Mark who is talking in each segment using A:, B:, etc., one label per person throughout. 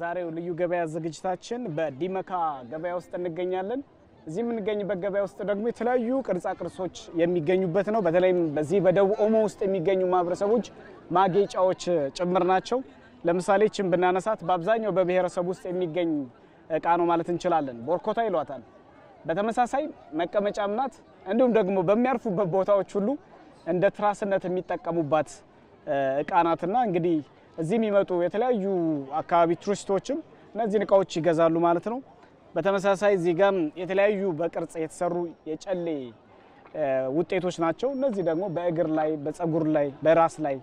A: ዛሬው ልዩ ገበያ ዝግጅታችን በዲመካ ገበያ ውስጥ እንገኛለን። እዚህ የምንገኝበት ገበያ ውስጥ ደግሞ የተለያዩ ቅርጻ ቅርጾች የሚገኙበት ነው። በተለይም በዚህ በደቡብ ኦሞ ውስጥ የሚገኙ ማህበረሰቦች ማጌጫዎች ጭምር ናቸው። ለምሳሌ ችን ብናነሳት በአብዛኛው በብሔረሰብ ውስጥ የሚገኝ እቃ ነው ማለት እንችላለን። ቦርኮታ ይሏታል። በተመሳሳይ መቀመጫም ናት። እንዲሁም ደግሞ በሚያርፉበት ቦታዎች ሁሉ እንደ ትራስነት የሚጠቀሙባት እቃ ናትና እንግዲህ እዚህ የሚመጡ የተለያዩ አካባቢ ቱሪስቶችም እነዚህን እቃዎች ይገዛሉ ማለት ነው። በተመሳሳይ እዚህ ጋም የተለያዩ በቅርጽ የተሰሩ የጨሌ ውጤቶች ናቸው። እነዚህ ደግሞ በእግር ላይ፣ በፀጉር ላይ፣ በራስ ላይ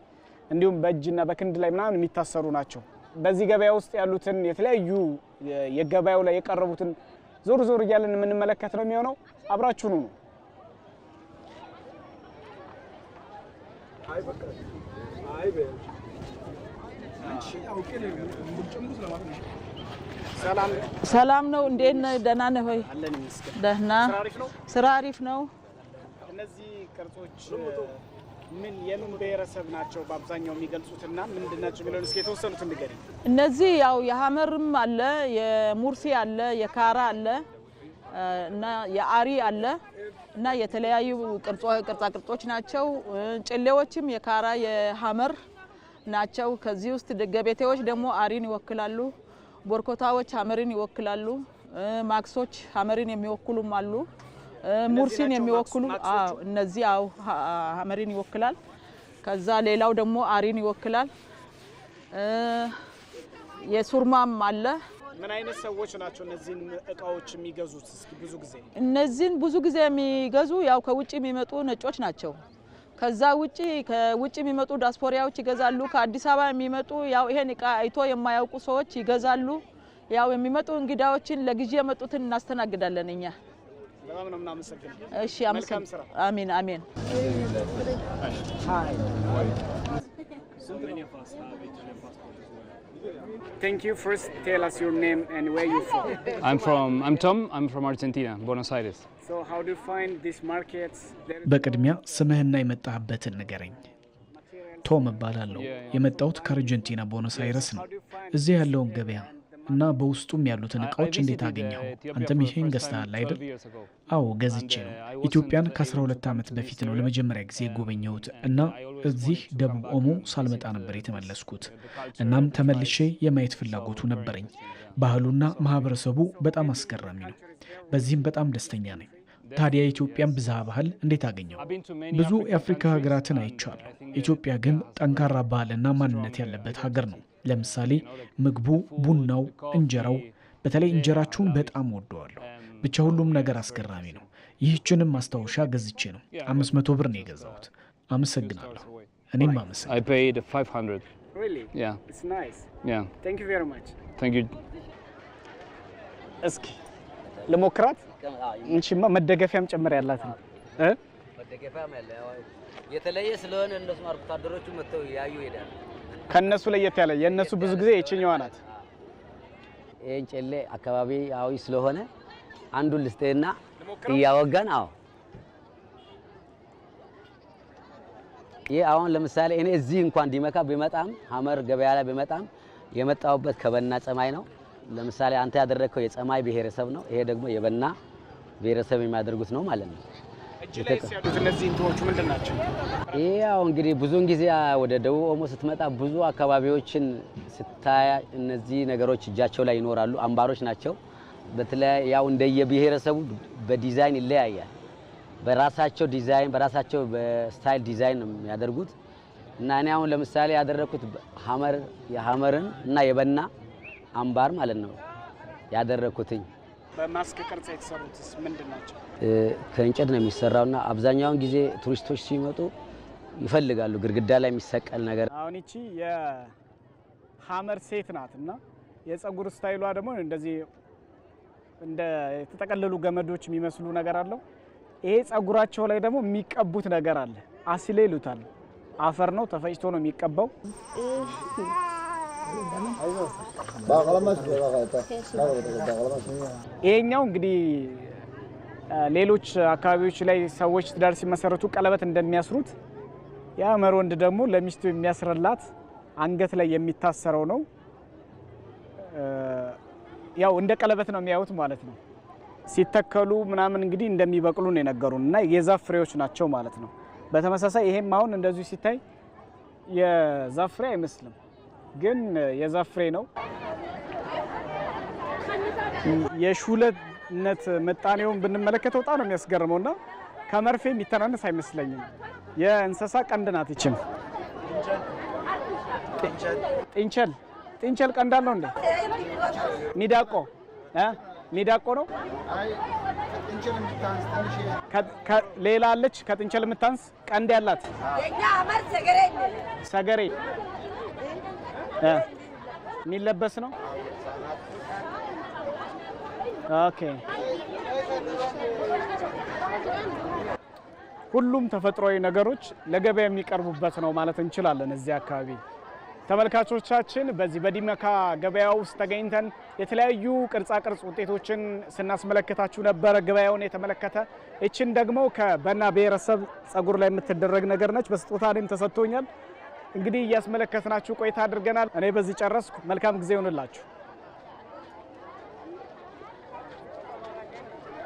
A: እንዲሁም በእጅና በክንድ ላይ ምናምን የሚታሰሩ ናቸው። በዚህ ገበያ ውስጥ ያሉትን የተለያዩ የገበያው ላይ የቀረቡትን ዞር ዞር እያለን የምንመለከት ነው የሚሆነው። አብራችሁኑ ነው።
B: ሰላም ነው። እንዴት ነህ? ደህና ነህ ወይ? ደህና ስራ አሪፍ ነው።
C: እነዚህ ቅርጾች ምን የምን ብሔረሰብ ናቸው በአብዛኛው የሚገልጹትና ምንድን ናቸው የሚለውን እስኪ የተወሰኑትን ንገሪኝ።
B: እነዚህ ያው የሀመርም አለ፣ የሙርሲ አለ፣ የካራ አለ እና የአሪ አለ እና የተለያዩ ቅርጾች ናቸው። ጭሌዎችም የካራ የሐመር ናቸው። ከዚህ ውስጥ ገበቴዎች ደግሞ አሪን ይወክላሉ። ቦርኮታዎች ሀመርን ይወክላሉ። ማክሶች ሀመርን የሚወክሉም አሉ።
C: ሙርሲን የሚወክሉ
B: እነዚህ አው ሀመሪን ይወክላል። ከዛ ሌላው ደግሞ አሪን ይወክላል። የሱርማም አለ።
C: ምን አይነት ሰዎች ናቸው እነዚህን እቃዎች የሚገዙት? እስኪ ብዙ ጊዜ እነዚህን
B: ብዙ ጊዜ የሚገዙ ያው ከውጭ የሚመጡ ነጮች ናቸው። ከዛ ውጪ ከውጭ የሚመጡ ዳስፖሪያዎች ይገዛሉ። ከአዲስ አበባ የሚመጡ ያው ይሄን እቃ አይቶ የማያውቁ ሰዎች ይገዛሉ። ያው የሚመጡ እንግዳዎችን ለግዢ የመጡትን እናስተናግዳለን እኛ።
C: እሺ፣ አሜን አሜን። ስንት ነው? Thank you. First, tell us your name and where you're from.
D: I'm from I'm Tom. I'm from Argentina, Buenos Aires.
C: So how do you find these markets?
E: በቅድሚያ ስምህና የመጣህበትን ንገረኝ። ቶም እባላለሁ። የመጣሁት ከአርጀንቲና ቦኖስ አይረስ ነው። እዚህ ያለውን ገበያ እና በውስጡም ያሉትን እቃዎች እንዴት uh, አገኘው? አንተም ይሄን ገዝተሃል አይደል? አዎ uh, ገዝቼ ነው። ኢትዮጵያን ከ12 ዓመት በፊት ነው ለመጀመሪያ ጊዜ uh, የጎበኘሁት እና እዚህ ደቡብ ኦሞ ሳልመጣ ነበር የተመለስኩት። እናም ተመልሼ የማየት ፍላጎቱ ነበረኝ። ባህሉና ማህበረሰቡ በጣም አስገራሚ ነው። በዚህም በጣም ደስተኛ ነኝ። ታዲያ የኢትዮጵያን ብዝሃ ባህል እንዴት አገኘው? ብዙ የአፍሪካ ሀገራትን አይቻለሁ። ኢትዮጵያ ግን ጠንካራ ባህልና ማንነት ያለበት ሀገር ነው። ለምሳሌ ምግቡ፣ ቡናው፣ እንጀራው በተለይ እንጀራችሁን በጣም ወደዋለሁ። ብቻ ሁሉም ነገር አስገራሚ ነው። ይህችንም ማስታወሻ ገዝቼ ነው። አምስት መቶ ብር ነው የገዛሁት። አመሰግናለሁ።
D: እኔም አመሰግናለሁ።
A: እስኪ እንሽማ መደገፊያም ጨምር ያላት ነው መደገፊያም ያለ የተለየ ስለሆነ እነሱ አርብቶ አደሮቹ መጥተው ያዩ ይሄዳል። ከነሱ ለየት ያለ የነሱ ብዙ ጊዜ የችኛዋ ናት።
F: ይሄን ጨሌ አካባቢያዊ ስለሆነ አንዱን ልስጥህና እያወጋን አዎ ይህ አሁን ለምሳሌ እኔ እዚህ እንኳን ዲመካ ቢመጣም ሀመር ገበያ ላይ ቢመጣም የመጣሁበት ከበና ጸማይ ነው። ለምሳሌ አንተ ያደረግከው የጸማይ ብሔረሰብ ነው። ይሄ ደግሞ የበና ብሔረሰብ የሚያደርጉት ነው ማለት ነው። ያው እንግዲህ ብዙውን ጊዜ ወደ ደቡብ ኦሞ ስትመጣ ብዙ አካባቢዎችን ስታያ እነዚህ ነገሮች እጃቸው ላይ ይኖራሉ። አምባሮች ናቸው። በተለይ ያው እንደየብሔረሰቡ በዲዛይን ይለያያል። በራሳቸው ዲዛይን በራሳቸው በስታይል ዲዛይን ነው የሚያደርጉት እና እኔ አሁን ለምሳሌ ያደረኩት ሀመር የሀመርን እና የበና አምባር ማለት ነው ያደረኩትኝ
C: በማስክ ቅርጽ የተሰሩትስ ምንድን ናቸው?
F: ከእንጨት ነው የሚሰራውና አብዛኛውን ጊዜ ቱሪስቶች ሲመጡ ይፈልጋሉ ግድግዳ ላይ የሚሰቀል ነገር።
A: አሁን ይቺ የሀመር ሴት ናት እና የጸጉር ስታይሏ ደግሞ እንደዚህ እንደ የተጠቀለሉ ገመዶች የሚመስሉ ነገር አለው። ይሄ ጸጉራቸው ላይ ደግሞ የሚቀቡት ነገር አለ። አሲሌ ይሉታል። አፈር ነው ተፈጭቶ ነው የሚቀባው። ይሄኛው እንግዲህ ሌሎች አካባቢዎች ላይ ሰዎች ትዳር ሲመሰረቱ ቀለበት እንደሚያስሩት የአመር ወንድ ደግሞ ለሚስቱ የሚያስርላት አንገት ላይ የሚታሰረው ነው። ያው እንደ ቀለበት ነው የሚያዩት ማለት ነው። ሲተከሉ ምናምን እንግዲህ እንደሚበቅሉ ነው የነገሩን እና የዛፍ ፍሬዎች ናቸው ማለት ነው። በተመሳሳይ ይሄም አሁን እንደዚሁ ሲታይ የዛፍ ፍሬ አይመስልም። ግን የዛፍ ፍሬ ነው። የሹለነት ምጣኔውን ብንመለከተው በጣም ነው የሚያስገርመው እና ከመርፌ የሚተናነስ አይመስለኝም። የእንስሳ ቀንድ ናት ይችም ጥንቸል ጥንቸል ቀንድ አለው እንዴ? ሚዳቆ ሚዳቆ ነው። ሌላ አለች ከጥንቸል የምታንስ ቀንድ ያላት ሰገሬ የሚለበስ ነው። ኦኬ ሁሉም ተፈጥሯዊ ነገሮች ለገበያ የሚቀርቡበት ነው ማለት እንችላለን። እዚህ አካባቢ ተመልካቾቻችን በዚህ በዲመካ ገበያ ውስጥ ተገኝተን የተለያዩ ቅርጻቅርጽ ውጤቶችን ስናስመለከታችሁ ነበረ ገበያውን የተመለከተ። እችን ደግሞ ከበና ብሔረሰብ ጸጉር ላይ የምትደረግ ነገር ነች። በስጦታ እኔም ተሰጥቶኛል። እንግዲህ እያስመለከትናችሁ ቆይታ አድርገናል። እኔ በዚህ ጨረስኩ። መልካም ጊዜ ይሆንላችሁ።